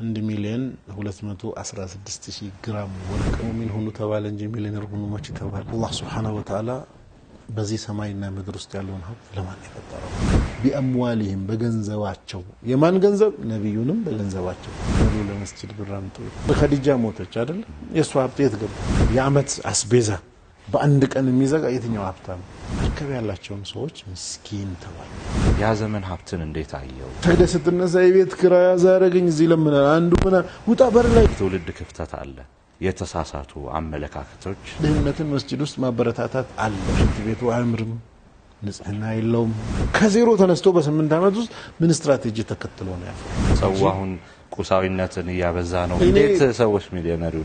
አንድ ሚሊዮን ሁለት መቶ አስራ ስድስት ሺህ ግራም ወርቅ ሙሚን ሁኑ ተባለ እንጂ ሚሊዮነር ሁኑ መች ተባለ? አላህ ሱብሓነሁ ወተዓላ በዚህ ሰማይና ምድር ውስጥ ያለውን ሀብት ለማን የፈጠረው? ቢአምዋሊህም በገንዘባቸው የማን ገንዘብ? ነቢዩንም በገንዘባቸው ብሎ ለመስጅድ ብር አምጡ። በከዲጃ ሞተች አይደለም? የእሷ ሀብት የት ገባ? የአመት አስቤዛ በአንድ ቀን የሚዘጋ የትኛው ሀብታም መርከብ ያላቸውን ሰዎች ምስኪን ተባል። ያ ዘመን ሀብትን እንዴት አየው? ሄደ ስትነሳ የቤት ክራ ያዛ ያደረገኝ እዚህ ለምናል አንዱ ምና ውጣ በር ላይ ትውልድ ክፍተት አለ። የተሳሳቱ አመለካከቶች ድህነትን መስጂድ ውስጥ ማበረታታት አለ። ሽንት ቤቱ አያምርም፣ ንጽህና የለውም። ከዜሮ ተነስቶ በስምንት ዓመት ውስጥ ምን ስትራቴጂ ተከትሎ ነው ያፈ ሰው አሁን ቁሳዊነትን እያበዛ ነው። እንዴት ሰዎች ሚሊዮነሪ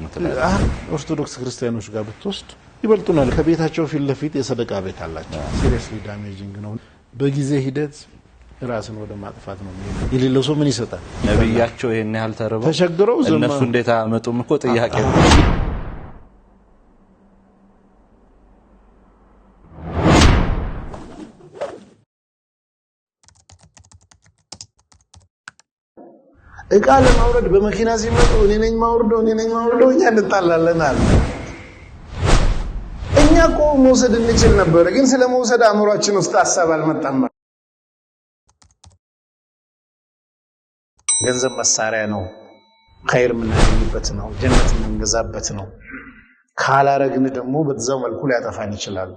ኦርቶዶክስ ክርስቲያኖች ጋር ብትወስድ ይበልጡናል። ከቤታቸው ፊት ለፊት የሰደቃ ቤት አላቸው። ሲሪየስሊ ዳሜጂንግ ነው። በጊዜ ሂደት ራስን ወደ ማጥፋት ነው። የሌለው ሰው ምን ይሰጣል? ነብያቸው ይህን ያህል ተርበው ተቸግረው እነሱ እንዴት አያመጡም እኮ ጥያቄ ነው። እቃ ለማውረድ በመኪና ሲመጡ እኔ ነኝ ማውርደው፣ እኔ ነኝ ማውርደው፣ እኛ እንጣላለን አለ እኮ መውሰድ እንችል ነበር፣ ግን ስለ መውሰድ አእምሯችን ውስጥ ሀሳብ አልመጣም። ገንዘብ መሳሪያ ነው። ኸይር የምናገኝበት ነው። ጀነት የምንገዛበት ነው። ካላረግን ደግሞ በዛው መልኩ ሊያጠፋን ይችላል።